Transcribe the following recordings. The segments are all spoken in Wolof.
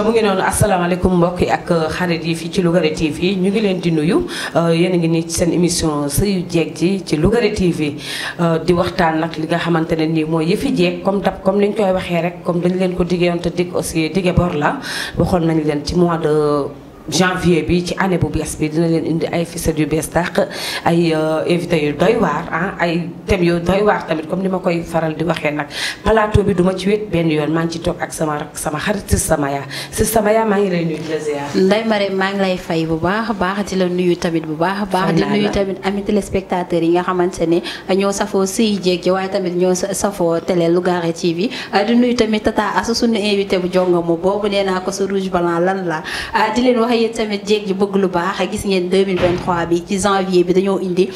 ca mu ngi noonu asalaamaaleykum mbokk yi ak euh, xarit yi fii ci Lougaré TV ñu ngi leen di nuyu euh, yéen a ngi nii ci seen émission sëyu jeeg ji ci Lougaré TV euh, di waxtaan nag li nga xamante ne nii mooy yëfi jeeg comme dab comme ni ñu koy waxee rek comme dañ leen ko diggee woon te digg aussi digge bor la waxoon nañu leen ci mois de. janvier bi ci année bu bees bi dina leen indi ay ficelles yu bees dàq ay euh, invité yu doy waar ah ay thèmes yu doy waar tamit comme ni ma koy faral di waxee nag plateau bi duma ci wet benn yoon maa ngi ci toog ak sama rak sama xarit sama yaa sama yaa maa lay nuyu maa ngi lay fay bu baax a baax di la nuyu tamit bu baax a baax. di nuyu tamit amit téléspectateurs yi nga xamante ne ñoo safoo siy jékki waaye tamit ñoo safoo tele télé Lougaré TV ah, di nuyu tamit tata asu sunu invité bu jongo mu boobu nee naa ko sa rouge blanc lan la ah, di leen wax yéen tamit jéeg yi bëgg lu baax gis en 2023 bi ci janvier bi en indi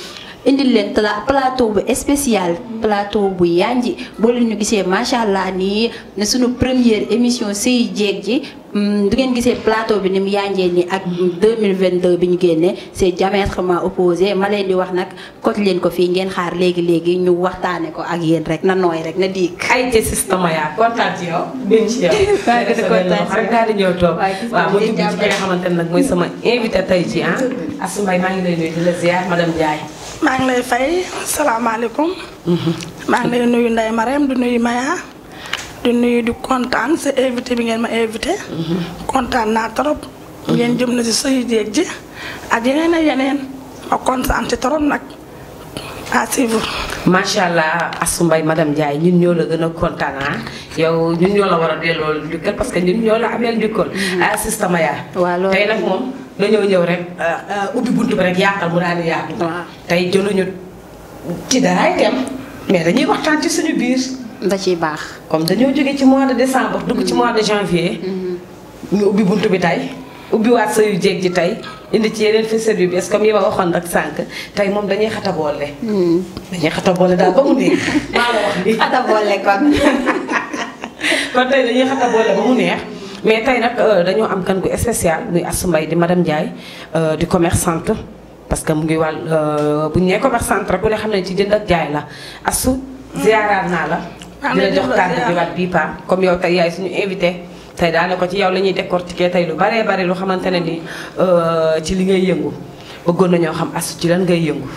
indil leen plateau bu espécial plateau bu yanji boo leen gisee macha allah nii ne suñu première émission sëy jeeg ji mm, du ngeen gisee plateau bi ni mu yanjee nii ak mille vingt 2022 bi ñu génnee c'est diamétralement opposé ma leen di wax nag koj leen ko fii ngeen xaar léegi léegi ñu waxtaane ko ak yéen rek na nooy rek na diig. ay a kontaan rek di ñëw ci nga xamante ne nag mooy sama invité tey ci ah. Asou ngi lay nuyu di la ziar madame Ndiaye. maa ngi lay fay salaamaaleykum. Mm-hmm. maa ngi lay nuyu Ndeye Marème du nuyu Maya. du nuyu di kontaan si invité bi ngeen ma invité. Mm-hmm. kontaan naa trop. Mm-hmm. ngeen jëm na si sëy jéeg ji ak yeneen ak yeneen ma kontaan ci trop nag. macha allah Astou Mbaye madame jaay ñun ñoo la gën a kontaan ah. yow ñun ñoo la war a delloo njukkal parce que ñun ñoo la ameel njukkal. assistama yaa. waaw loolu tey nag moom. dañoo ñëw rek euh, ubbi bunt bi rek yàqal mu daal di tey jëluñu ci daraay tem mais dañuy waxtaan ci suñu biir. da ciy baax. comme dañoo jóge ci mois de décembre. dugg ci mm-hmm. mois de janvier. Mm-hmm. ñu ubbi bunt bi tey. ubbiwaat sayu jéeg ji tey indi ci yeneen fësal yu bees comme yi ma waxoon rek sànq tey moom dañuy xataboole. Mm-hmm. dañuy xataboole daal ba mu neex. maa la wax nii xataboole kon. kon tey dañuy xataboole ba mu neex. mais tay nak euh, dañu am kan gu spécial muy assumbay di madame euh di commerçante parce que mu ngi euh bu ñe commerçante rek bu ne xam ci jënd ak jay la assu mm. ziarar na la. am na jox kàddu di wat bii paa comme yow tay yaay suñu invité. tey daane ko ci yow lañuy décortiquer tay lu baree bare lu xamantene ni euh ci li ngay yëngu bëggoon nañu xam assu ci lan ngay yëngu.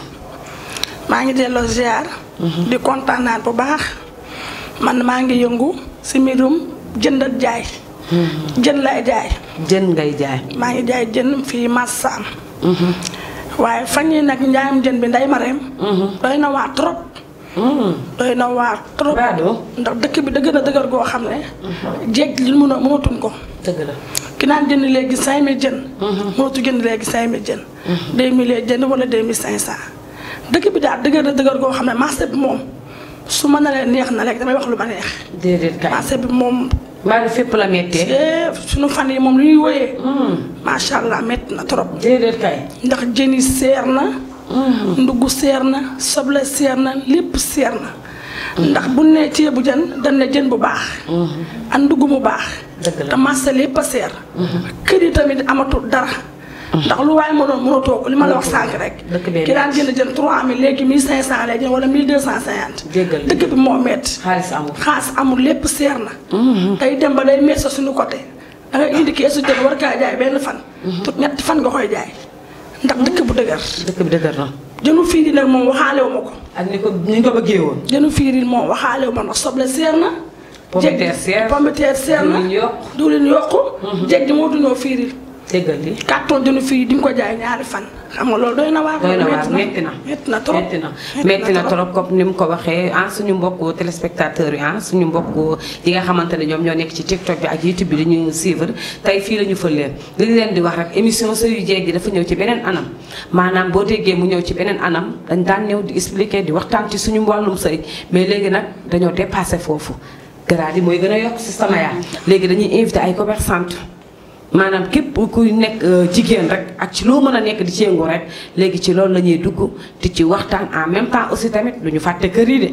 ma ngi delloo ziar. Mm-hmm. di contentane bu baax. man ma ngi yëngu ci mirum jënd ak Hmm. jeun lay jaay jeun ngay jaay ma ngi jaay jeun fi massa hmm waye yi nak ndiam jeun bi nday mareem hmm. doy na wa trop hmm. doy na wa trop ndax dëkk bi da na a dëgër goo xam ne jeeg li mun a tun ko dëgg la ki nan jeun léegi 5000 jeun hmm mo tu jeun cinq 5000 jeun 2000 mille jën wala 2500 mille dëkk bi da dëgër na dëgër go xam ne marché bi mom suma na le neex na léegi damay wax lu ma neex déedéet marché bi mom waaye fépp la méttee. suñu fan yi moom lu ñuy wooyee. Hmm. macha allah mett na trop. déedéet kay. ndax jën yi seer na. Hmm. ndugg seer na soble seer na lépp seer na. Hmm. ndax bu ne ceebu jën dañ jën bu baax. ak ndugg mu baax. dëgg la te lépp a seer. kër yi tamit amatul dara. ndax lu waaye mënoon mënoo toog li ma la wax sànq rek. ki daan jënd jënd 3000 léegi 1500 lay jënd wala 1250. jéggal dëkk bi moo métti. xaalis amul xaalis amul lépp seer na. Mm-hmm. tey dem ba day sa suñu côté da ngay indi keesu jënd war kaa benn fan. Mm-hmm. tut ñetti fan nga koy jaay. ndax dëkk bu dëgër. dëkk bi dëgër na. jënu fiiri nag moom waxaale wu ma ko. ak ni ko ko bëggee woon. jënu fiiri moom waxaale wu ma ndax soble seer na. pomme de terre seer na pomme de na. duulin yokku duulin yokku. Mm-hmm. jéggi moo dunoo fiiri déggal li 4 tonnes jënd fii di nga ko jaay ñaari fan. xam nga loolu doy na waar. doy na waar métti na na trop métti na métti na trop comme ni mu ko waxee ah suñu mbokku téléspectateurs yi ah suñu mbokku yi nga xamante ne ñoom ñoo nekk ci TikTok bi ak YouTube bi ñu suivre tey fii la ñu fël leen. li ñu leen di wax rek émission Sëyu Jeeg ji dafa ñëw ci beneen anam maanaam boo déggee mu ñëw ci beneen anam dañ daan ñëw di expliquer di waxtaan ci suñu wàllum sëy mais léegi nag dañoo dépassé foofu. garaat yi mooy gën a yokk si sama yaa léegi dañuy invité ay commerçante maanaam képp kuy nekk euh, jigéen rek ak ci loo mën a nekk di ci yëngu rek léegi ci loolu la ñuy dugg di ci waxtaan en même temps aussi tamit du ñu fàtte kër yi de.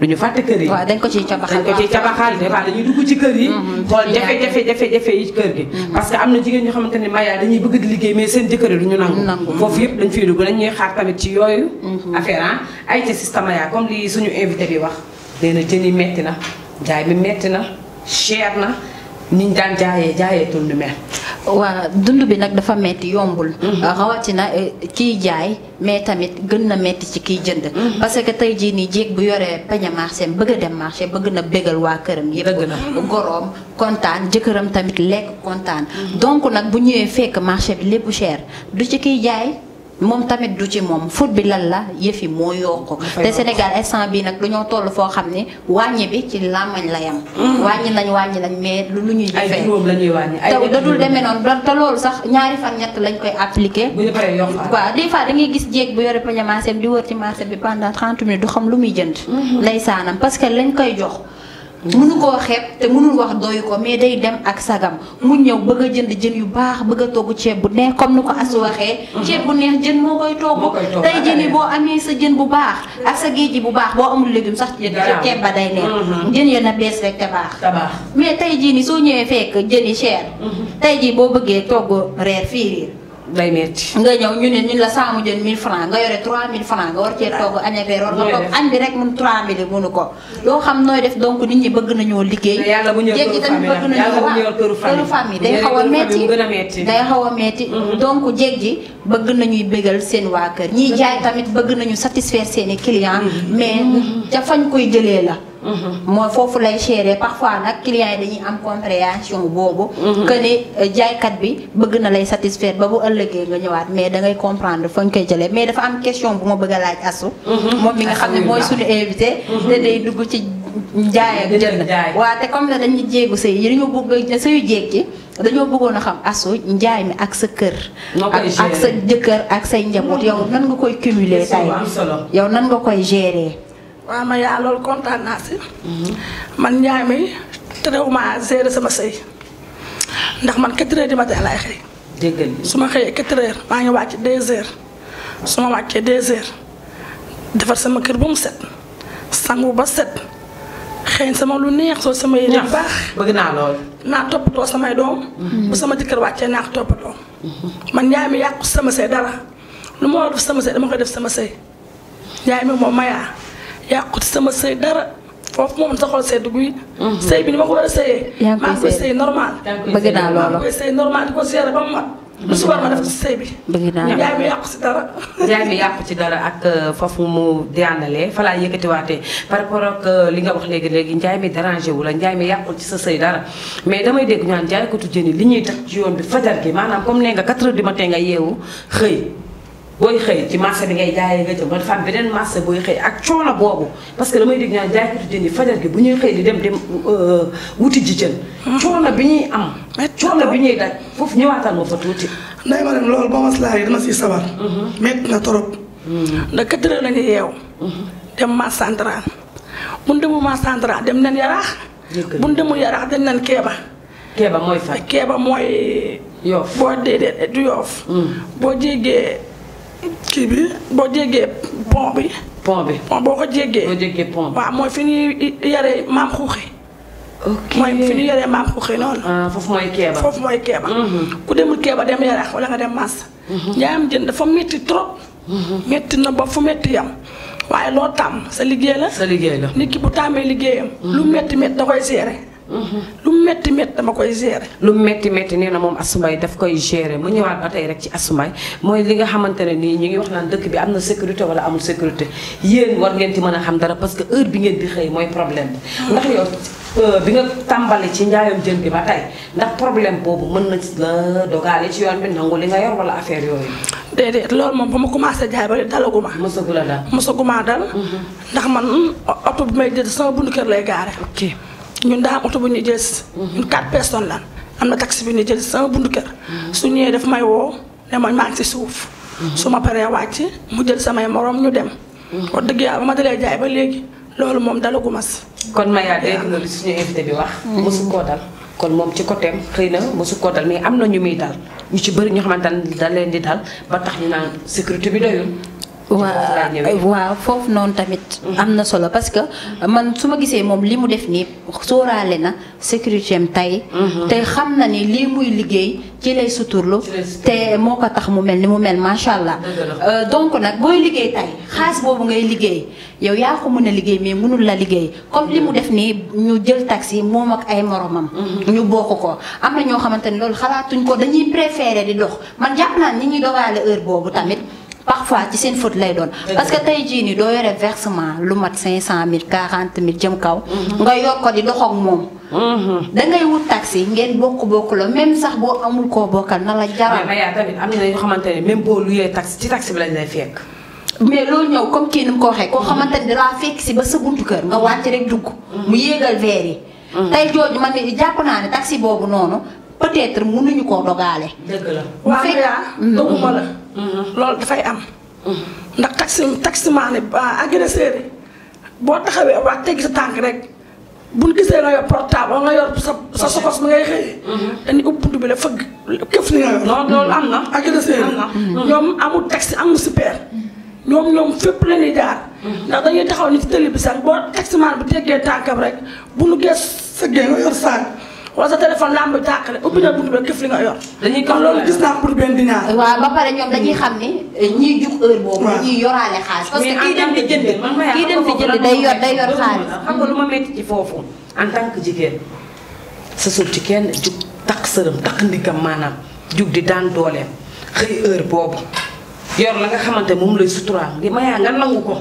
du ñu fàtte kër yi waaw dañ ko ciy cabaxal dañ ko ciy cabaxal de waaw dañuy dugg ci kër yi. Mm-hmm, xool jafe-jafe jafe-jafe yi kër gi. Mm-hmm. parce que am na jigéen ñoo xamante ne maya dañuy bëgg di liggéey mais seen jëkkër yi du ñu nangu. foofu yëpp dañ fiy dugg dañ ñuy xaar tamit ci yooyu. Mm-hmm. affaire ah ay ci système maya comme li suñu invité bi wax. nee na jën yi metti na jaay bi metti na cher na niñ daan jaayee jaayeetul lu mel waa dund bi nag dafa metti yombul. Mhm. Ah, rawatina eh, kiy jaay mais tamit gën na metti ci kiy jënd. Mhm. parce que tey jii nii jéeg bu yoree peña marché bëgg a dem marché bëgg na bégal waa këram yëpp. goroom kontaan jëkkëram tamit lekk kontaan. Mhm. donc nag bu ñëwee fekk marché bi lépp cher du ci kiy jaay. moom tamit du ci moom foot bi lan la yëfi moo yokk te Sénégal instant bi nag ñoo toll foo xam ne wàññi bi ci làmmañ la yam mm. wàññi nañ wàññi nañ mais lu lu ñuy jëfee te dadul demee noonu te loolu sax ñaari fan ñett lañ koy appliqué waaw des fois da ngay gis jéeg bu yore pañe marché bi di wër ci marché bi pendant 30 minutes du xam lu muy jënd mm-hmm. ndeysaanam parce que lañ koy jox mënu koo xeeb te mënul wax doyu ko mais day dem ak sagam mu ñëw bëgg a jënd jën yu baax bëgg a togg ceeb bu neex comme nu ko Asou waxee. Mm-hmm. ceeb bu neex jën moo koy togg. tey jën yi boo amee sa jën bu baax ak sa géej ji bu baax boo amul légume sax ceeb ba day neex. Mm-hmm. jën ya na bees rek te baax. mais tey jii nii soo ñëwee fekk jën yi cher. Mm-hmm. tey jii boo bëggee togg reer fii day métti. nga ñëw ñu ne ñun la saamu jën 1000 francs nga yore 3000 francs nga war cee togg añ ak war nga togg añ bi rek moom 3000 mënu ko. doo xam nooy def donc nit ñi bëgg nañoo liggéey. yàlla bu ñëw këru famille këru famille. day xaw a métti day mm-hmm. xaw a métti donc bëgg nañuy bégal seen waa kër ñiy jaay tamit bëgg nañu satisfaire seeni clients mm-hmm. Mm-hmm. mais ca fañ koy jëlee la mm-hmm. mooy foofu lay chéré parfois nag clients yi dañuy am compréhension boobu. que ne euh, jaaykat bi bëgg na lay satisfaire ba bu ëllëgee nga ñëwaat mais da ngay comprendre fa nga koy jëlee mais dafa am question bu ma bëgg a laaj asu. moom mi nga xam ne mooy suñu invité. te day dugg ci jaay ak jënd. waaw te comme ne dañuy jéegu sëy yi dañu bëgg dañoo bëggoon a xam asu njaay mi ak sa kër. ak sa jëkkër ak say njaboot yow nan nga koy cumuler tay yow nan nga koy gérer. waaw ma yaa lool kontaan naa si. man njaay mi terewuma gérer sama sëy ndax man 4 heures du matin laay xëy. su ma xëyee 4 heures maa ngi wàcc 2 heures su ma wàccee 2 heures defar sama kër ba mu set sangu ba set xëy sama lu neex soo sama yére baax. bëgg naa lool. naa toppatoo samay doom. bu sama jëkkër wàccee naa ko toppatoo. man njaay mi yàqu sama sëy dara lu ma war def sama sëy dama koy def sama sëy njaay mi moom mayaa yàqu sama sëy dara foofu moom sa xol sedd guy. Mhm. sëy bi ni ma ko war a sëyee. maa ngi koy normal. bëgg naa loolu maa normal ko seere ba lu si war nga def ci sëy bi. bëgg mi yàqu ci dara. jaay mi yàqu ci dara ak euh, foofu mu daanalee fa laa yëkkatiwaatee par rapport ak euh, li nga wax léegi léegi njaay mi dérangé wu la njaay mi yàqul ci sa sëy dara mais damay dégg ñu naan jaaykatu jën yi li ñuy def ci bi fajar gi maanaam comme nee nga 4 heures tee nga yeewu xëy. booy xëy ci marché bi ngay jaayee nga jëm ba dafa am beneen marché booy xëy ak coono boobu parce que damay dégg ñaan jaaykatu jën yi fajar gi bu ñuy xëy di dem dem euh, wuti ji jën. Hmm. coono bi ñuy am. coono bi ñuy daj foofu ñëwaatal moo fa tuuti. nday ma dem loolu ba maslaa yi dama siy hmm. na torop. Hmm. ndax quatre heures la ñu yeew. dem marché central. bu dem nañ yaraax. bu ñu demul yaraax dem nañ keeba. keeba mooy fa keeba mooy. yoof boo déedéet du yoof. boo jéggee. kii bi boo jéggee pont bi. pont bi pont boo ko jéggee. boo jéggee pont bi waaw mooy fi ñuy yaree maam xuuxi. ok mooy fi ñu yaree maam xuuxi noonu. Ah, foofu mooy keeba mhm. ku demul keeba dem yaraax wala nga dem Massa. njaayam mhm. jën dafa métti trop. Mhm. metti na ba fu métti yam waaye loo tàmm sa liggéey la. sa liggéey la nit ki bu tàmmee liggéeyam. lu metti métti da koy seere lu metti metti dama koy gérer. lu nee na moom asumay daf koy gérer mu ñëwaat ba tey rek ci asumay mooy li nga xamante ne nii ñu ngi wax naan dëkk bi am na sécurité wala amul sécurité yéen war ngeen ci mën a xam dara parce que heure bi ngeen di xëy mooy problème bi. Mm. ndax yow euh, bi nga tàmbali ci njaayam jën bi ba tey ndax problème boobu mën na la ci yoon bi nangu li nga yor wala affaire yooyu. déedéet loolu moom ba ma commencé jaay ba dalaguma. mosagula dal mosaguma dal. Mm-hmm. ndax man oto bi may jënd sama bundu kër lay gaare. ok. ñun daa am oto bu ñu jël si. ñun quatre personnes lan am na taxi bi ñu jël si sama bundu su ñëwee daf may woo ne ma maa ngi si suuf. su ma paree wàcc mu jël samay moroom ñu dem. wax dëgg yàlla ba ma dalee jaay ba léegi loolu moom dalagu ma si. kon Maya dégg nga li suñu invité bi wax. Mm-hmm. mosu koo dal kon moom ci côté xëy na mosu koo dal mais am na ñu muy dal ñu ci bëri ñu xamante ne da leen di dal ba tax ñu naa sécurité bi doyul. waaw waaw euh, foofu noonu tamit mhm. am na solo parce que euh, man su ma gisee moom li mu def nii sooraale na sécurité am tey mhm. te xam na ni lii muy liggéey ci lay suturlu te moo ko tax mu mel ni mu mel macha allah euh, donc nag booy liggéey tey xaas boobu ngay liggéey yow yaa ko mën a liggéey mais mënul la liggéey comme li mu def nii ñu jël taxi moom ak ay moromam mhm. ñu bokk ko am na ñoo xamante ne loolu xalaatuñ ko dañuy préféré di dox man jàpp naa ni ñuy dogaale heure boobu tamit parfois ci seen faute lay doon parce que tay jii nii doo yore versement lu mat cinq cent mille quarante jëm kaw mhm. nga yor dox ak mom mhm. da ngay wut taxi ngeen bokk bokk la même sax bo amul ko bokal na la jaral mais yaa tamit am na ñoo xamante ne même boo luyee taxi ci taxi bi lañ lay fekk mais lo ñew comme ki ni ko waxee ko mhm. xamantene ne dalaa fekk ci ba sa buntu kër nga wacc rek dugg mu yéegal verre yi tay jooju man japp naa ne taxi boobu noonu peut-être mënuñu koo dogaale. dëgg la waaw mm-hmm. dëgguma la. Mm-hmm. dafay am. Mm-hmm. ndax taxi taximaane ah, agresseur yi boo taxawee wax teggi sa tànk rek buñ gisee nga yor portable nga yor sa sa sokos mi ngay xëyee. dañuy fëgg këf li nga yor. am na. agresseur yi ñoom amul taxi amul super. ñoom ñoom fépp la ñuy jaar. ndax dañuy taxaw ni ci télé bi sax boo taximaan bi teggee rek bu nu gees sëggee nga yor saag. wala sa téléphone lamb bi tàkk rek ubbi na buntu ba këf li nga yor. dañuy kon loolu gis naa pour benn dinaar. waaw ba pare ñoom dañuy xam ne eh, ñiy jug heure boobu. waaw dañuy yoraale xaalis. parce que kii dem di jënd kii dem di jënd day yor day yor xaalis. xam nga lu ma métti ci foofu en tant que jigéen sa sul ci kenn jug takk sërëm takk ndigam maanaam jug di daan dooleem xëy heure boobu yor la nga xamante moom lay suturaal li ma nga nangu ko.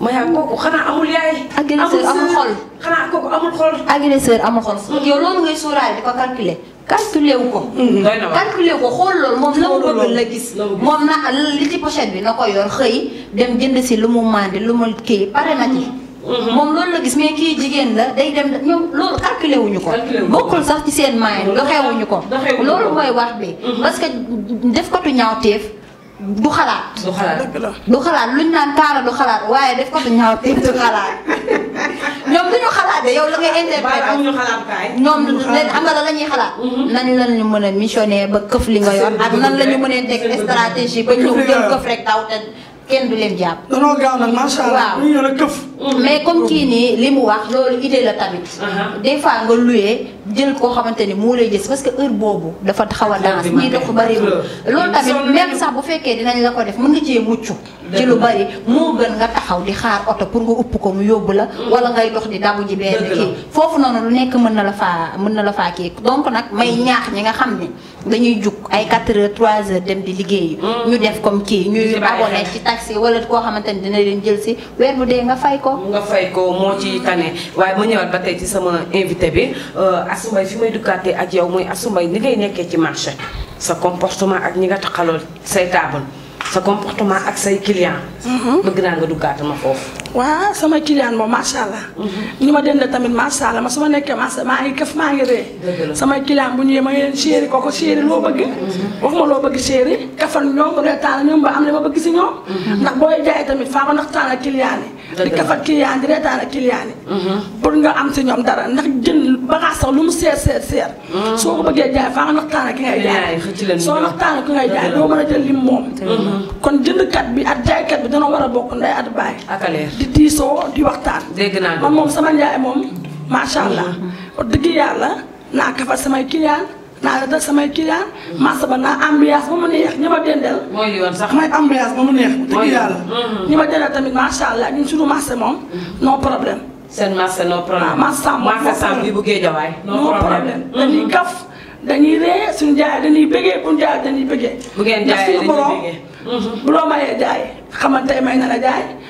ma yaa kooku xanaa amul yaay. agresseur amul xol xanaa ko amul xol. agresseur amul xol. Mm-hmm. yow loolu ngay sóoraale di ko calculer. calculé wu ko. Mm-hmm. calculé ko xool loolu moom la mu bëgg la gis. moom na li ci pochette bi na ko yor xëy dem jënd si lu mu màndi lu mu kii pare na ci. Mm-hmm. moom loolu la gis mais kii jigéen la day dem ñoom loolu calculé wuñu ko. bokkul sax ci seen maay doxewuñu ko. loolu mooy wax bi. parce def ko tu ñaawteef. du xalaat. du xalaat du xalaat luñ naan taala du xalaat waaye def ko du ñaaw te du xalaat ñoom du ñu xalaat de yow la ngay interpréter amuñu xalaat kaay ñoom leen am la la ñuy xalaat. Mm-hmm. nan la ñu mën a missionné ba këf li nga yor ak nan la ñu mënee teg stratégie ba ñëw jël këf rek daw te. kenn du leen jàpp. danoo gaaw nag macha allah mais comme kii nii li mu wax loolu idée la tamit. Uh-huh. des fois nga luyee jël koo xamante ni moo lay gis parce que heure boobu dafa xaw a danse ñii dox bëriwul. loolu tamit même sax bu fekkee dinañ la ko def mën nga cee mucc. ci lu bari moo gën nga taxaw di xaar oto pour nga upp ko mu yóbbu la. Mm. wala ngay dox di dabu ji benn kii. foofu noonu lu nekk mën na la faa mën na la faa kii donc nag may ñaax ñi nga xam ni dañuy jug ay 4 heures 3 heures dem di liggéeyi. Mm. ñu def comme kii ñuy abonné ci taxi wala koo xamante ni dina leen jël si weer bu dee nga fay ko. nga fay ko moo ci tane waaye ma ñëwaat ba tey ci sama invité bi euh, Astou Mbaye fi may duggaatee ak yow mooy Astou Mbaye ni ngay nekkee ci marché sa comportement ak ñi nga taxalool say table. sa comportement ak say client mhm. bëgg naa nga duggaat ma foofu. waaw sama client moom macha allah. ñu mhm. ma dend tamit macha allah ma su ma nekkee macha maa ngi kaf maa ngi ree. samay client bu ñëwee ma ngi leen chéri kooku chéri loo bëgg. Mhm. wax ma loo bëgg chéri kafal ñoom reetaan ñoom ba am li ma bëgg si ñoom. ndax booy jaay tamit faa ko ndax taal ak di kafal client di reetaan ak client yi mhm. pour nga am si ñoom dara ndax jën bagage sax lu mu seer seer seer mhm. soo ko bëggee jaay faa nga naxtaan ak ki ngay jaay soo naxtaan ak ki ngay jaay doo mën a jël lim moom mhm. kon kat bi ak jaaykat bi dana war a bokk ndey at baay di diisoo di waxtaan man moom sama njaay moom macha allah dëgg yàlla naa kafal samay client naa la dal samay client marché ba naa ambiance ba mu neex ñi ma dendal mooy yoon sax may ambiance ba mu neex dëgg yàlla no problème marché sam marché no problème dañuy gaf dañuy ree suñu jaay dañuy bëggee bu jaay dañuy bëggee bu ngeen jaay dañuy bëggee bu loo mayee jaay xamante na la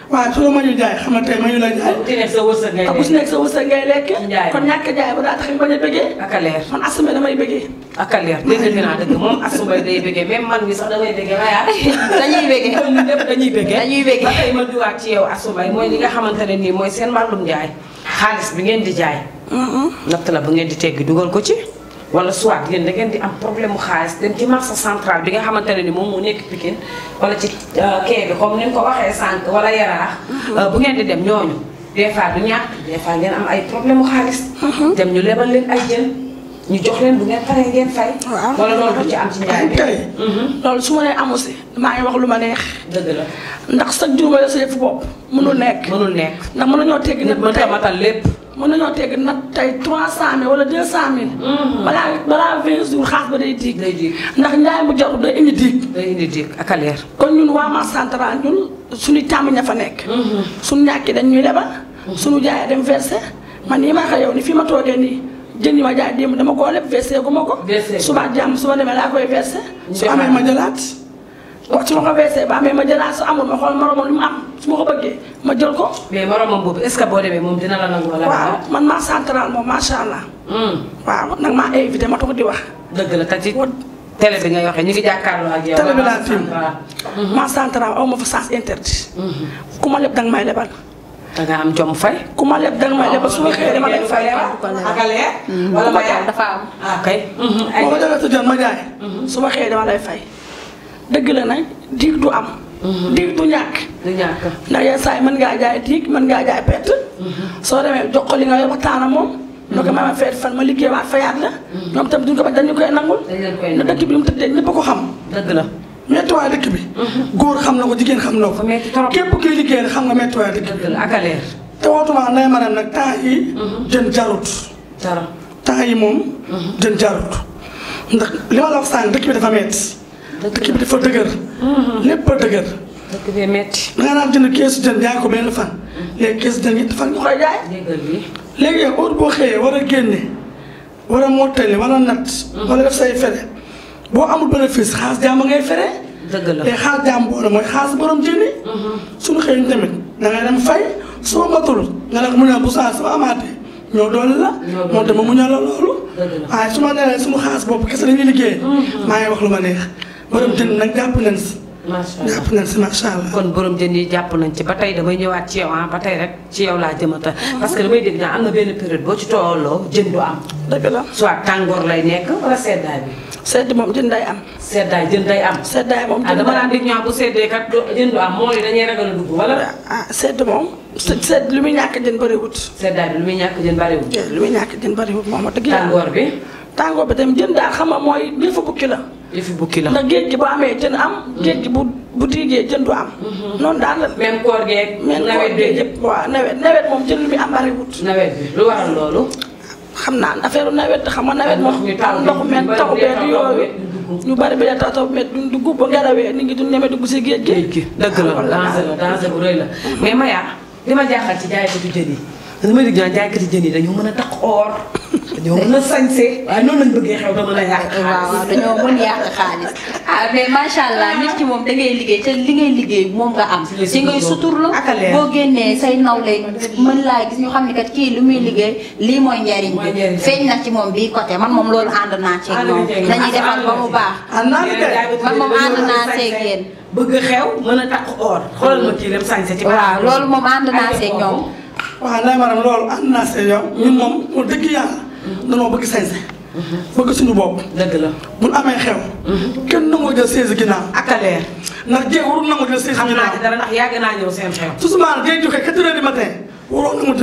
waaw su la mañu jaay xam nga tey mañu la jaay. ku ci nekk sa wërsëg ngay lekk ku ci nekk sa wërsëg ngay lekk. jaay kon ñàkk jaay ba daa tax ñu bañ a bëggee. ak a leer man asuma damay bëggee. ak a leer dégg naa dëgg moom asuma day bëggee même man mi sax damay bëggee waaye dañuy bëggee ñun ñëpp dañuy bëggee. dañuy bëggee ba tey ma diwaat ci yow asuma mooy li nga xamante ne nii mooy seen mbàllum jaay xaalis bi ngeen di jaay. natt la bu ngeen di teggi dugal ko ci wala soit yéen da ngeen di am problème mu xaalis dem ci marché central bi nga xamante ne ni moom moo nekk Pikine wala ci kee euh, bi comme ni nga ko waxee sànq wala yaraax euh, bu ngeen di dem ñooñu des fois du ñàkk des fois ngeen am ay problème mu xaalis mhm. dem ñu lebal leen ay jën ñu jox leen bu ngeen paree ngeen fay wala loolu du ci am ci njaay bi mhm. loolu su ma nee amu si maa ngi wax lu ma leex dëgg la ndax sa jur ma la sa yëfu bopp mënul nekk mënul nekk ndax mën nañoo tegg nit ba matal lépp mën nañoo teg nag tey trois cent mille wala deux cent mille. Mm-hmm. balaa balaa vingt jours xaas ba day diig. ndax njaay mu jarul day indi diig. day indi diig ak aleer. kon ñun waa Mar ñun suñu càmm ña fa nekk. Mm-hmm. suñu ñàkk dañ ñuy lebal. Mm-hmm. suñu jaayee dem versé man nii ma wax yow ni fii ma toogee nii. jën yi ma jaay démb dama koo leb versé gu ma ko. versé suba jàmm su demee laa koy versé. su amee ma jëlaat. wax ci ma ko wessé ba mais ma jëla su amul ma xol moromam lim am su ma ko bëggé ma jël ko mais moromam bobu est ce que bo démé mom dina la nangul la waaw man ma central mom ma sha Allah hmm waaw nak ma invité eh, ma tok di wax deug la ta ci télé bi nga waxé ya, ñi ngi jakarlo ya, ak yow télé bi la tim ma central aw hmm. ma fa sens oh, interdit hmm. kuma lepp dang may lebal da nga am jom fay kuma lepp dang may lebal su ma xé dama lay fay ak alé wala ma dafa am ya. Hmm. ah kay hmm ay ma dala tudjon ma jaay su ma dama lay fay dëgg la nag diig du am. Mhm. diig du ñàkk. du ñàkk ndax yenn saa yi mën ngaa jaay diig mën ngaa jaay pett. Mhm. soo demee jox ko li nga yor waxtaan ak moom. Mhm. ko maanaam feet fan ma liggéey waat fayaat la. ñoom itam duñ ko bañ dañu koy nangul. dañu dëkk bi lu mu tëddee ñëpp ko xam. dëgg dëkk bi. góor xam na ko jigéen xam na ko. képp kuy liggéey xam nga méttiwaay dëkk bi. dëgg la ak a te wootuma nay ma ne nag temps yi jën jarut. jarut yi moom. jën jarut ndax li ma la wax sànq dëkk bi dafa metti équipe dafa dëgër. Mm-hmm. lépp a dëgër. dëkk bee métti. da nga naan jënd keesu jën ko benn fan. kes mm-hmm. keesu jën ñetti fan ñu koy jaay. léegi yow boo xëyee war a génne war a mottali wala natt. Mm-hmm. wala def say fere boo amul bénéfice xaas jàmm ngay fere. dëgg la te xaas jàmm boo la mooy xaas borom jëndi. suñu xëy ñu tamit da ngay dem fay soo matul nga ne mu ne bu saa soo amaatee ñoo doole la. moo dama mu ñor la loolu. waaye su ma nee suñu xaas boobu kese la liggéey. maa ngi wax lu ma neex. borom jën nag jàpp nañ si. macha allah jàpp nañ si macha jën yi jàpp nañ ci ba tey damay ñëwaat ci yow ah ba tey rek ci yow laa jëmata parce que damay dégg naa am na benn période boo ci tooloo jën du am. dëgg la soit tàngoor lay nekk wala bi. sedd moom jën day am. seddaay jën day am. seddaay moom ah, jën dama daan bu seddee kat am mool yi dañuy ragal a dugg wala. ah, ah sedd moom. sedd lu muy ñàkk jën bëriwut. seddaay bi lu muy ñàkk jën bëriwut. lu muy ñàkk jën bëriwut moom a dëgg. tàngoor bi tàngoor bi tamit jën daal xam nga mooy li fa bukki la yëfi bukki la ndax géej gi bu amee jën am. géej gi bu bu diigee jën du am. Mhm. noonu daal la. même koor geeg. nawet bi yëpp waaw nawet nawet moom bi lu muy am bariwut. nawet bi lu waral loolu. xam naa affaire nawet xam nga nawet moom. ndox mi taw bee du yooyu ñu bari bi taw taw met duñ dugg ba ngarawee nit ñi duñ ñeme dugg si géej gi. dëgg ah, la danger la danger bu rëy la mhm. mais Maya li ma jaaxal ci jaaykatu jën yi. parce que ma dégg mën a takk or. dañoo mën a sañse waaye a yàq ah, macha allah nit ki moom da liggéey liggéey moom nga am. ci boo génnee say nawle mën laa gis ñu xam ne kat kii lu liggéey lii mooy njariñ ci moom bii côté man moom loolu ànd naa ceeg moom dañuy defal ba mu baax. moom ànd naa ceeg yéen. bëgg xew mën a takk or xoolal ma kii dem sañse ci waaw loolu moom ànd naa seeg ñoom waaw Ndeye Marème loolu ànd naa see yow moom moo dëgg yàlla danoo bëgg sañse bëgg suñu bopp dëgg la buñ amee xew kenn nangoo jël chaise ginnaaw ak a leer ndax jéeg warul nangoo jël yàgg naa ñëw seen xew su sumaan day joxe quatre mhm.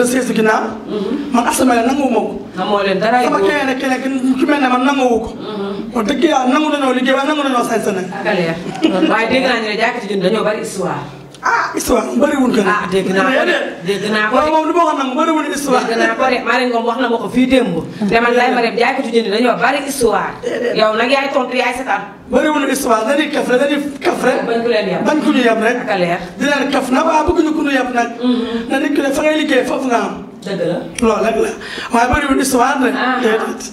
dëgg yàlla nangu dañoo liggéey waaye nangu dañoo sañse nag ak a leer waaye dégg naa ñu ne jàkkati dañoo bari histoire ah histoire bari que ne. ah dégg naa ko de dégg naa ko de moom li ma wax nag de Marie Ngom wax na ma ko fii démb. Hmm. te man lay ma dem jaay ko ci jënd dañoo bari histoire. yow nag yaay tontu yaay setaan. bëriwul histoire dañuy kaf rek dañuy kaf rek. bañ ku leen yab bañ ku ñu rek. ak a kaf na waa bëgguñu ku ñu yab nag. Hmm. na nit ki ne fa ngay liggéey foofu nga dëgg la loolu rek la waaye bëriwul histoire rek. Ah,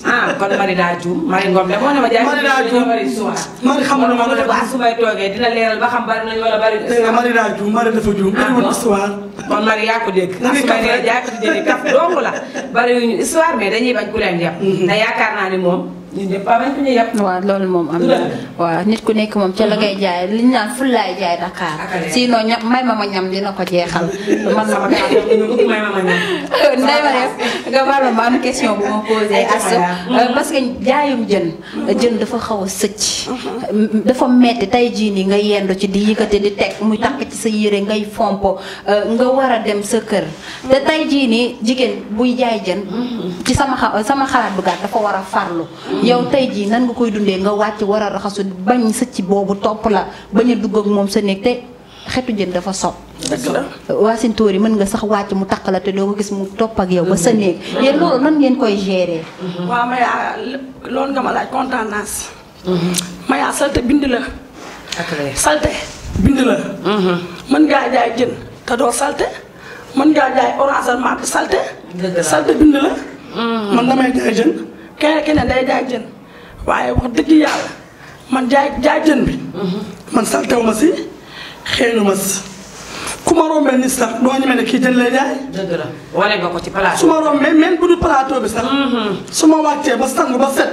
ah, ah kon Marie daa juum Ngom de moo ne ma jaay. Marie daa juum Marie histoire. Marie xamul ne ma nga def su may ba xam ah, kon Marie yaa ko dégg. na ngi ma nee jaay ko ci jëli kaf dong la. bariwuñu histoire mais dañuy a ku leen yem. Mm-hmm. yaakaar naa ni moom. ñun loolu moom am na waaw nit ku nekk moom ci la ngay jaay li ñu naan fulaay jaay Dakar. sinon ña may ma ma ñam dina ko jeexal. man ma may ma ma euh, jaayum jën. jën dafa xaw a sëcc. Uh-huh. dafa metti tey jii nii nga yendu ci di yëkkati di teg muy takk ci sa yére ngay fompo euh, nga war a dem sa kër. te tey jii jigéen buy jaay jën. Uh-huh. ci sama sama xalaat bu gàtt dafa war a farlu. Uh-huh. yow tey jii nan nga koy dundee nga wàcc war a raxasu bañ sëcc boobu topp la bañ a dugg ak moom sa néeg te xetu jën dafa sob waasin tóor yi mën nga sax wàcc mu taq la te doo ko gis mu topp ak yow ba sa néeg yéen loolu nan ngeen koy gérer. Mhm. waaw Maya loolu nga ma laaj kontaan naa mhm. salte bind la salte bind la mhm. mën ngaa jaay jën te doo salte mën ngaa jaay orange ak salte salte bind la man damay jaay jën keneen keneen day jaay jën waaye wax dëgg yàlla man jaay jaay jën bi. man saltew ma si xeeñu ma si. ku ma rombee sax doo ñeme ne la wane nga ci plateau. su ma rombee bu dul plateau bi sax. Mm-hmm. su ma wàccee ba sangu ba set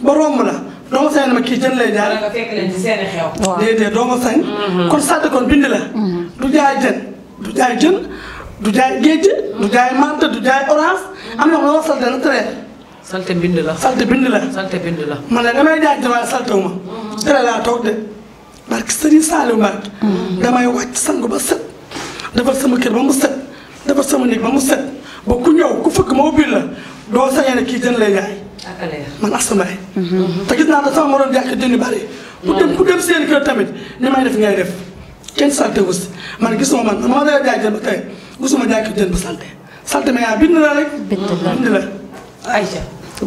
ba romb la. doo ma sañ ne ma kii jën lay jaay. wala nga fekk leen ci seeni xew. waaw déedéet doo mm-hmm. kon sàdd kon bind la. Mm-hmm. du jaay jën du jaay géej du jaay mante du jaay orange am na loo xam ne dafa salte bind la salte bind la. salte bind a man de damay jaajëfal waaye salte wu ma. tere laa toog de. barke Serigne Saliou Mbacké. damay wàcc sangu ba set. defar sama kër ba mu set. defar sama néeg ba mu set. ba ku ñëw ku fëgg ma ubbil la doo sañee ne kii jën lay jaay. man asamaay. Mhm. te gis naa ne sama moroom jàkk jën yu bari. ku dem ku dem seen kër tamit ni may def ngay def. kenn salte wu si man gisuma man ma lay a ba tey gisuma jàkk jën ba salte salte mais yaa bind la rek.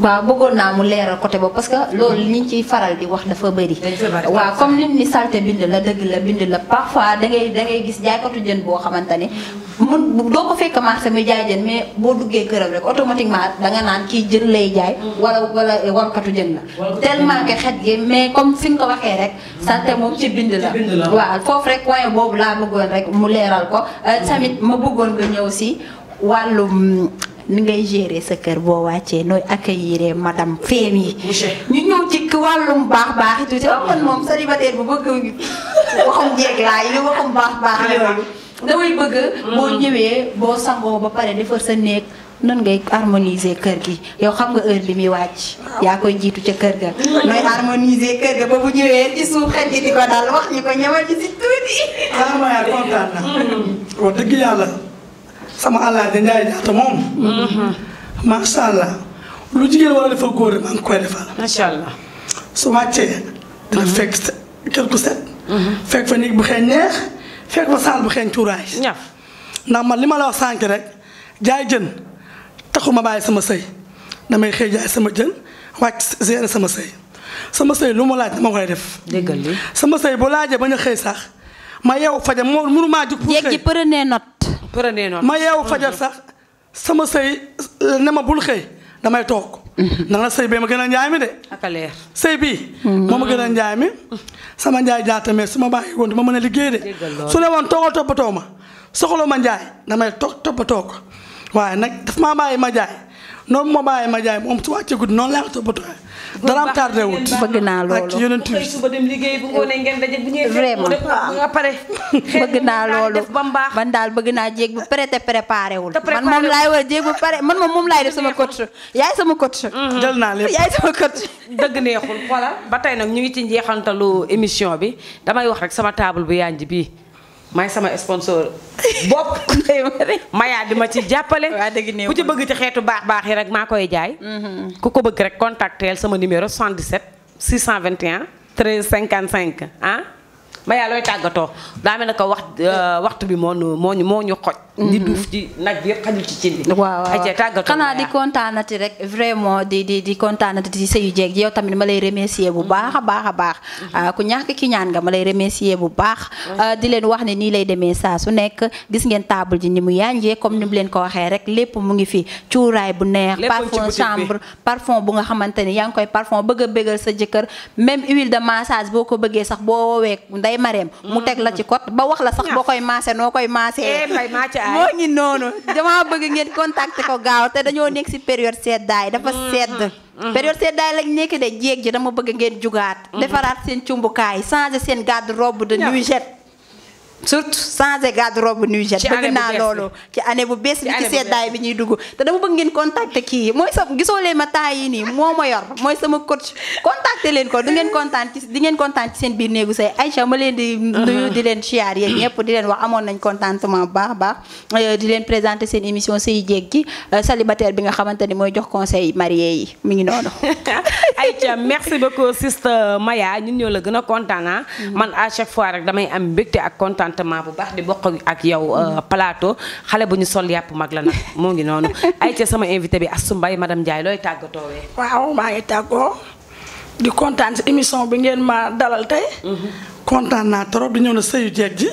waaw bëggoon naa mu leeral côté boobu parce que loolu li liñ ciy faral di wax dafa bëri waa comme lim ni salte bind la dëgg la bind la parfois da dangay da ngay gis jaaykatu jën boo xamante ne mun doo ko fekk marché muy jaay jën mais boo duggee këram rek automatiquement da nga naan kii jën lay jaay wala wala wankatu jën la tellement que xet gi mais comme fi nga ko waxee rek salte moom ci bind la waaw foofu rek point boobu laa bëggoon rek mu leeral ko euh, tamit ma bëggoon ñëw si wàllum ni ngay gérer sa kër boo wàccee nooy accueillir madame feem yi. ñu ñëw ci wàllum baax baax yi tuuti wax oh, man bu bëgg waxum jeeg boo mm. ñëwee boo sangoo ba pare defar sa néeg. nan ngay harmoniser kër gi yow xam nga heure bi muy wàcc yaa koy jiitu ca kër ga nooy harmoniser kër ga ba bu ñëwee ci suuf xel gi di dal wax ñu ko ñëwal ci si tuuti. ah kontaan na. Mm. wax dëgg yàlla. sama allah da njaay jaata moom. Mhm. macha allah lu jigéen wala dafa góor maa ngi koy defal. macha allah su wàccee. dina mhm. fekk kër ku set. Mhm. fekk fa néeg bu xeeñ neex fekk fa saal bu xeeñ cuuraay. ñaf ndax li ma la wax sànq rek jaay jën taxu ma baay sama sëy damay xëy jaay sama jën wàcc gérer sama sëy sama sëy lu ma laaj dama koy def. sama sëy bu laajee bañ a xëy sax ma yeewu fajar moo mënu maa jug. pour prenez note ma yeewu fajar sax sama sëy ne ma bul xëy damay toog. ndax mhm. nag sëy bee ma gën a njaay mi de. sëy bii. Mhm. moo ma gën a njaay mi. sama njaay jaatamee su ma bàyyi woon dama mën a liggéey de. su ne woon toogal toppatoo ma soxla ma njaay damay toog toppatoo ko nag daf maa bàyyi ma jaay. noonu ma bàyyi ma jaay moom su wàccee guddi noonu laa ko toppatoo daraam tardé wut bëgg naa loolu ak yonent bi suba liggéey bu ngoonee ngeen daje bu ñëwee vraiment nga pare bëgg naa loolu daal bëgg naa jéeg bu prêté préparé wul man moom laay war jéeg bu pare man moom moom laay def sama coach yaay sama coach mm-hmm. jël naa lépp yaay sama coach dëgg neexul voilà ba tey nag ñu ngi ci njeexantalu émission bi damay wax rek sama table bu yànj bii may sama sponsor bopp mayaa di ma ci jàppale ku ci bëgg ci xeetu baax baax yi rek maa koy jaay mm-hmm. ku ko bëgg rek contacteel sama numéro 77 621 13 55 ah maya looy tàggatoo daa mel ne ko wax euh, waxtu bi moo ñu moo xoj. Mm-hmm. di duuf ci nag bi yëpp ci cin bi. di kontaanati rek vraiment di di di kontaanati ci sëyu jeeg yow tamit ma remercier bu baax a baax a mm-hmm. ah, ku ñàkk ki ñaan nga ma remercier bu baax. Mm-hmm. Ah, di leen wax ne nii lay demee saa su nekk gis ngeen table ji ni mu yànjee comme ni mu leen ko waxee rek lépp mu ngi fi bu neex. parfum chambre parfum bu nga xamante ni koy parfum bëgg a bëggal sa jëkkër même huile de massage ndey mareem mu teg la ci kot ba wax la sax boo koy maase noo koy maasee eh, moo ngi noonu dama bëgg ngeen contacter ko gaaw te dañoo nekk si période seddaay dafa mm-hmm. sedd mm-hmm. période seddaay lañ nekk de jéeg ji dama bëgg ngeen jugaat mm-hmm. defaraat seen cumbukaay changer seen garde robe de nuisette surtout changer garde-robe nuy jet bëgg naa loolu ci année bu bees bi ci seddaay bi ñuy dugg te dama bëgg ngeen contacter kii mooy sa gisoo leen ma temps yi nii moo ma yor mooy sama coach contacter leen ko du ngeen di ngeen kontaan ci seen biir néegu say Aïcha ma leen di uh-huh. nuyu di leen siyaar yéen ñëpp di leen wax amoon nañ contentement bu baax a baax euh, di leen présenter seen émission sëy jéeg gi euh, célibataire bi nga xamante ni mooy jox conseil marié yi mi ngi noonu Aïcha merci beaucoup sister Maya ñun ñoo la gën a kontaan ah. mm-hmm. kontaan contentement bu baax di bokk ak yow euh, palaato xale bu ñu sol yàpp mag la nag moo ngi noonu ay ca sama invité bi Astou Mbaye madame Ndiaye looy tàggatoowee waaw maa ngi tàggoo di kontaan si émission bi ngeen ma dalal tey mhm. kontaan naa trop di ñëw na sëyu jeeg ji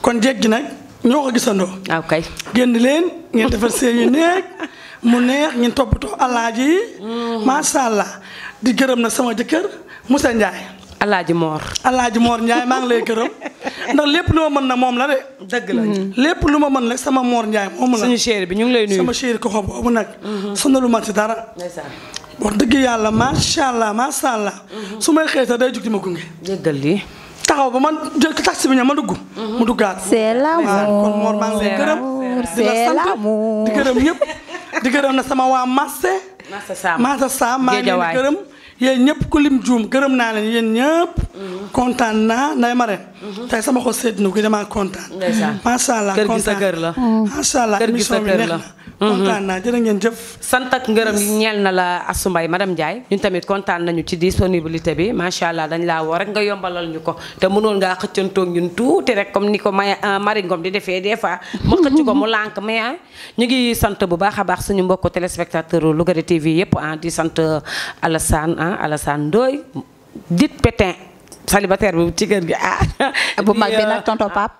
kon jeeg ji nag ñoo ko gisandoo waaw ah, kay génn leen ngeen defar sëy yu neeg mu neex ngeen toppatoo alaaji yi mhm. macha allah di gërëm na sama jëkkër Moussa Ndiaye alaaji mor alaaji mor nyaay ma ngi lay keureum ndax lepp luma man na mom. la de. deug la mm. lepp luma man mën rek sama mor nyaay mom la. suñu chéri bi ñu ngi lay nuyu sama chéri ko xob boobu nak suñu lu ci dara. wax dëgg mm-hmm. ma sha allah sha allah. su xéta day jukti di ko ngi dëggal li taxaw ba man jël taxi bi ña ma dugg. Mm-hmm. mu duggaat. c'est l'amour kon moor maa ngi lay gërëm. di la di keureum ñep di keureum na sama wa masse masse Sam masse Sam maa ngi keureum yéen ñëpp ku lim juum gërëm naa leen yéen ñëpp. kontaan naa Ndeye Marème. Mhm. tey sama xol seet no ko damaa kontaan. macha allah kontaan kër la. macha allah émission bi neex na. kontaan naa jërë ngeen jëf. sant ak ngërëm ñeel na la Astou Mbaye madame Ndiaye ñun tamit kontaan nañu ci disponibilité bi macha allah dañ laa woo rek nga yombalal ñu ko te mënoon ngaa xëccantoog ñun tuuti rek comme ni ko may euh, Marie Ngom di defee des fois. mu xëcc ko mu lànk mais ñu ngi sant bu baax a baax suñu mbokku téléspectateur Louga TV yëpp ah di sant euh, Alassane ah Alassane Ndoye dit pétin célibataire bu ci kër gi ah. bu mag bi nag tonton euh, Pape.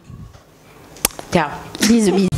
Ciao. Bisous,